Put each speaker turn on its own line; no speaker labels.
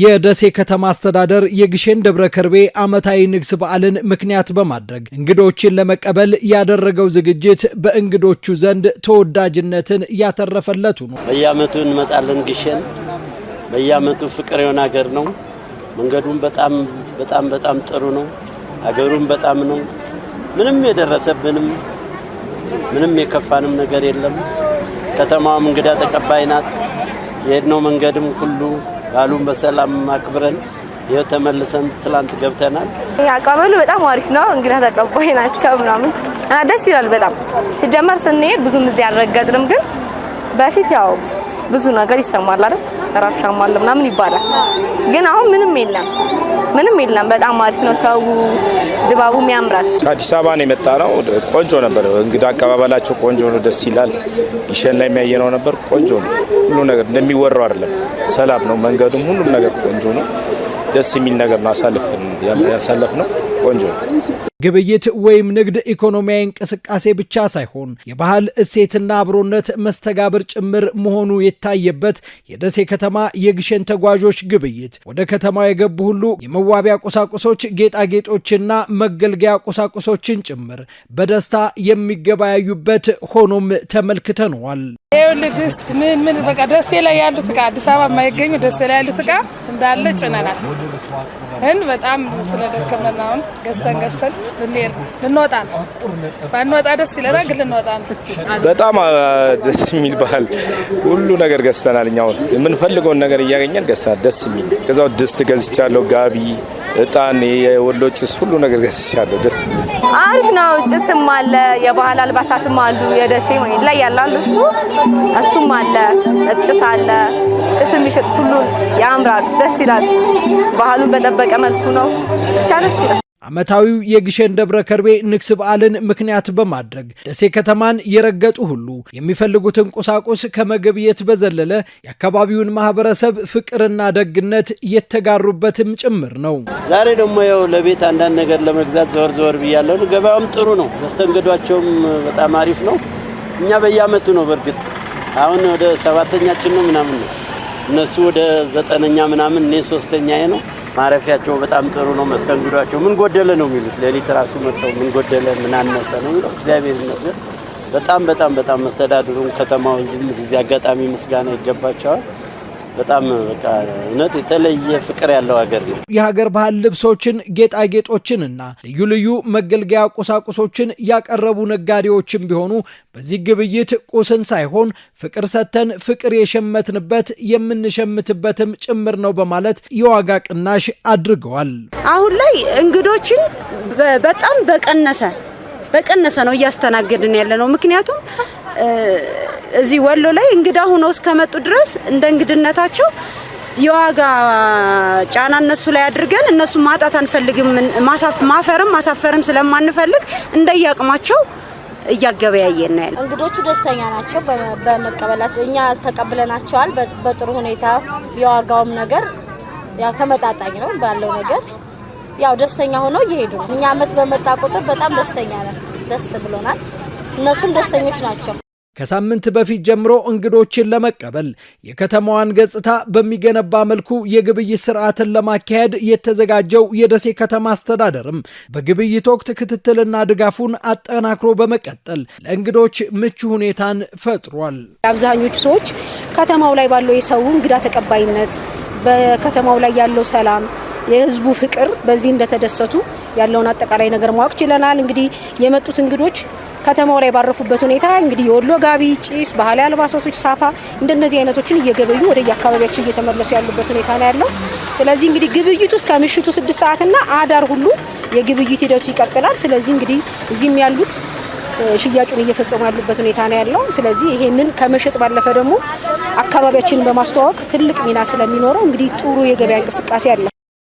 የደሴ ከተማ አስተዳደር የግሼን ደብረ ከርቤ ዓመታዊ ንግስ በዓልን ምክንያት በማድረግ እንግዶችን ለመቀበል ያደረገው ዝግጅት በእንግዶቹ ዘንድ ተወዳጅነትን ያተረፈለቱ ነው።
በየዓመቱ እንመጣለን። ግሼን በየዓመቱ ፍቅር የሆነ ሀገር ነው። መንገዱም በጣም በጣም በጣም ጥሩ ነው። ሀገሩም በጣም ነው። ምንም የደረሰብንም ምንም የከፋንም ነገር የለም። ከተማዋም እንግዳ ተቀባይ ናት። የሄድነው መንገድም ሁሉ በዓሉን በሰላም አክብረን ይኸው ተመልሰን ትላንት ገብተናል።
አቀበሉ በጣም አሪፍ ነው። እንግዳ ተቀባይ ናቸው ምናምን እና ደስ ይላል በጣም ሲጀመር ስንሄድ ብዙም እዚህ አልረገጥንም፣ ግን በፊት ያው ብዙ ነገር ይሰማል አይደል? ራብሻም አለ ምናምን ይባላል። ግን አሁን ምንም የለም፣ ምንም የለም። በጣም አሪፍ ነው። ሰው ድባቡም ያምራል።
ከአዲስ አበባ ነው የመጣ ነው። ቆንጆ ነበር። እንግዲህ አቀባበላቸው ቆንጆ ነው፣ ደስ ይላል። ጊሸን ላይ የሚያየነው ነበር። ቆንጆ ነው ሁሉ ነገር፣ እንደሚወራው አይደለም። ሰላም ነው መንገዱም፣ ሁሉም ነገር ቆንጆ ነው። ደስ የሚል ነገር ነው። አሳልፍ ያሳለፍ ነው። ቆንጆ ነው።
ግብይት ወይም ንግድ ኢኮኖሚያዊ እንቅስቃሴ ብቻ ሳይሆን የባህል እሴትና አብሮነት መስተጋብር ጭምር መሆኑ የታየበት የደሴ ከተማ የግሸን ተጓዦች ግብይት ወደ ከተማ የገቡ ሁሉ የመዋቢያ ቁሳቁሶች፣ ጌጣጌጦችና መገልገያ ቁሳቁሶችን ጭምር በደስታ የሚገበያዩበት ሆኖም ተመልክተነዋል።
ድስት፣ ምን ምን በቃ ደሴ ላይ ያሉት እቃ አዲስ አበባ የማይገኙ ደሴ ላይ ያሉት እቃ እንዳለ ጭነናል። እን በጣም ስለደከመን አሁን ገዝተን ገዝተን ልንሄድ ልንወጣ ነው። ባንወጣ ደስ ይለናል፣ ግን ልንወጣ ነው።
በጣም ደስ የሚል ባህል ሁሉ ነገር ገዝተናል። የምንፈልገውን ነገር እያገኘን ገዝተናል። ደስ የሚል ከዛው ድስት ገዝቻለሁ፣ ጋቢ፣ እጣን፣ የወሎ ጭስ ሁሉ ነገር ገዝቻለሁ። ደስ የሚል
አሪፍ ነው። ጭስም አለ፣ የባህል አልባሳትም አሉ። የደሴ ወይ ላይ ያላሉ እሱ እሱም አለ፣ ጭስ አለ። ጭስ የሚሸጡት ሁሉ ያምራሉ፣ ደስ ይላል ባህሉን በጠበቀ መልኩ ነው። ብቻ ደስ ይላል።
ዓመታዊው የግሸን ደብረ ከርቤ ንግስ በዓልን ምክንያት በማድረግ ደሴ ከተማን የረገጡ ሁሉ የሚፈልጉትን ቁሳቁስ ከመገብየት በዘለለ የአካባቢውን ማህበረሰብ ፍቅርና ደግነት የተጋሩበትም ጭምር ነው።
ዛሬ ደግሞ ያው ለቤት አንዳንድ ነገር ለመግዛት ዘወር ዘወር ብያለሁ። ገበያውም ጥሩ ነው። መስተንግዷቸውም በጣም አሪፍ ነው። እኛ በየአመቱ ነው። በእርግጥ አሁን ወደ ሰባተኛችን ነው ምናምን ነው። እነሱ ወደ ዘጠነኛ ምናምን፣ እኔ ሶስተኛዬ ነው ማረፊያቸው በጣም ጥሩ ነው። መስተንግዷቸው ምን ጎደለ ነው የሚሉት። ሌሊት ራሱ መጥተው ምን ጎደለ ምን አነሰ ነው የሚለው። እግዚአብሔር ይመስገን በጣም በጣም በጣም መስተዳድሩን ከተማው እዚህ አጋጣሚ ምስጋና ይገባቸዋል። በጣም በቃ እውነት የተለየ ፍቅር ያለው ሀገር ነው።
የሀገር ባህል ልብሶችን፣ ጌጣጌጦችን እና ልዩ ልዩ መገልገያ ቁሳቁሶችን ያቀረቡ ነጋዴዎችም ቢሆኑ በዚህ ግብይት ቁስን ሳይሆን ፍቅር ሰጥተን ፍቅር የሸመትንበት የምንሸምትበትም ጭምር ነው በማለት የዋጋ ቅናሽ አድርገዋል።
አሁን ላይ እንግዶችን በጣም በቀነሰ በቀነሰ ነው እያስተናገድን ያለ ነው ምክንያቱም እዚህ ወሎ ላይ እንግዳ ሆኖ እስከመጡ ድረስ እንደ እንግድነታቸው የዋጋ ጫና እነሱ ላይ አድርገን እነሱ ማጣት አንፈልግም። ማፈርም ማሳፈርም ስለማንፈልግ እንደየአቅማቸው እያገበያየን ነው ያለ።
እንግዶቹ ደስተኛ ናቸው በመቀበላቸው፣ እኛ ተቀብለናቸዋል በጥሩ ሁኔታ። የዋጋውም ነገር ያው ተመጣጣኝ ነው ባለው ነገር ያው ደስተኛ ሆኖ እየሄዱ እኛ አመት በመጣ ቁጥር በጣም ደስተኛ ነን። ደስ ብሎናል። እነሱም ደስተኞች ናቸው።
ከሳምንት በፊት ጀምሮ እንግዶችን ለመቀበል የከተማዋን ገጽታ በሚገነባ መልኩ የግብይት ስርዓትን ለማካሄድ የተዘጋጀው የደሴ ከተማ አስተዳደርም በግብይት ወቅት ክትትልና ድጋፉን አጠናክሮ በመቀጠል ለእንግዶች ምቹ ሁኔታን ፈጥሯል።
አብዛኞቹ ሰዎች ከተማው ላይ ባለው የሰው እንግዳ ተቀባይነት፣ በከተማው ላይ ያለው ሰላም፣ የህዝቡ ፍቅር በዚህ እንደተደሰቱ ያለውን አጠቃላይ ነገር ማወቅ ችለናል። እንግዲህ የመጡት እንግዶች ከተማው ላይ ባረፉበት ሁኔታ እንግዲህ የወሎ ጋቢ፣ ጭስ፣ ባህላዊ አልባሳቶች፣ ሳፋ እንደነዚህ አይነቶችን እየገበዩ ወደ የአካባቢያቸው እየተመለሱ ያሉበት ሁኔታ ነው ያለው። ስለዚህ እንግዲህ ግብይቱ እስከ ምሽቱ ስድስት ሰዓትና አዳር ሁሉ የግብይት ሂደቱ ይቀጥላል። ስለዚህ እንግዲህ እዚህም ያሉት ሽያጩን እየፈጸሙ ያሉበት ሁኔታ ነው ያለው። ስለዚህ ይሄንን ከመሸጥ ባለፈ ደግሞ አካባቢያችንን በማስተዋወቅ ትልቅ ሚና ስለሚኖረው እንግዲህ ጥሩ የገበያ እንቅስቃሴ አለ።